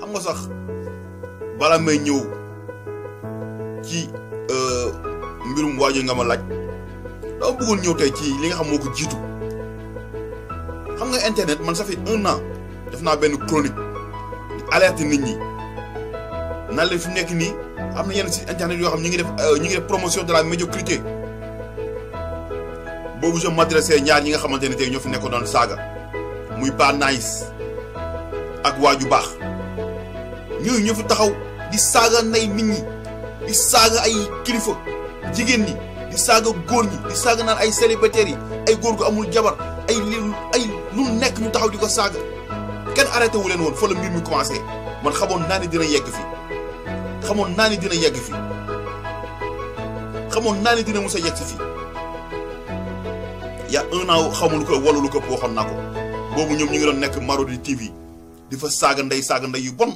xam nga sax bala may ñëw ci euh, mbirum waajur nga ma laaj dama bëggoon ñëw tey ci li nga xam moo ko jiitu xam nga internet man ça fait un an def naa benn chronique di alerter nit ñi nan la fi nekk nii am na yenn si internet yoo xam ñu ngi def euh, ñu ngi def promotion de la médiocrité boobu je m'adressé ñaar ñi nga xamante ne tey ñoo fi nekkoon doon saaga muy Pa Nice ak waaju baax. yooyu ñoo fi taxaw di saaga nay nit di saaga ay kilifa jigéen ñi di saaga góor ñi di saaga naan ay célibataires yi ay góor gu amul jabar ay li lu nekk ñu taxaw di ko saaga kenn arrêté wu leen woon fa la mbir mi commencé man xamoon naa ni dina yegg fi xamoon naa ni dina yegg fi xamoon naa ni dina mos a yegg si fi y' a un an xamul ko wala lu ko waxoon naa ko boobu ñoom ñu ngi doon nekk maroo Marodi TV di fa saaga ndey saaga ndey yu bon.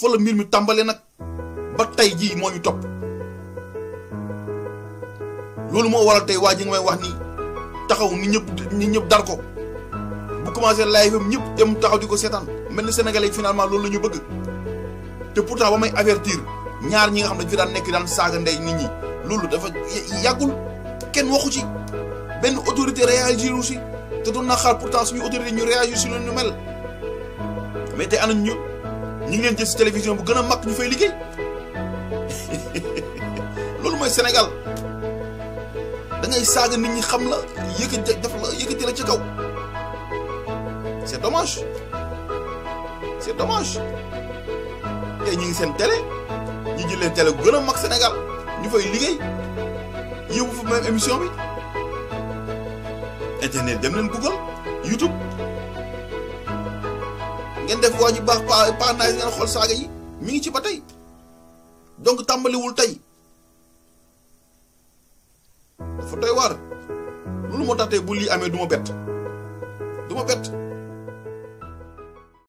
fa la mbir mi tàmbale nag ba tey jii moo ñu topp loolu moo waral tey waa ji nga may wax ni taxaw ni ñëpp ñëpp dar ko bu commencé live am ñëpp dem taxaw di ko seetaan mel ni sénégalais finalement loolu la ñu bëgg te pourtant ba may avertir ñaar ñi nga xam ne fi daan nekk daan saaga ndey nit ñi loolu dafa yàggul kenn waxu ci benn autorité réagir aussi te doon naa xaar pourtant suñu autorité ñu réagir si lu ñu mel mais tey ana ñu. ñu ngi leen jël si télévision bu gën a mag ñu fay liggéey loolu mooy Sénégal da ngay saaga nit ñi xam la yëkkati def la yëkkati la ci kaw c'est dommage c'est dommage tey ñu ngi seen télé ñu jël leen télé bu gën a mag Sénégal ñu fay liggéey yóbbu fa même émission bi internet dem leen Google YouTube. ngeen def waa ju baax pa pa naaj ngeen xool saaga yi mi ngi ci ba tey donc tàmbaliwul tey dafa doy waar loolu moo tax tey bu lii amee du ma bett du bett.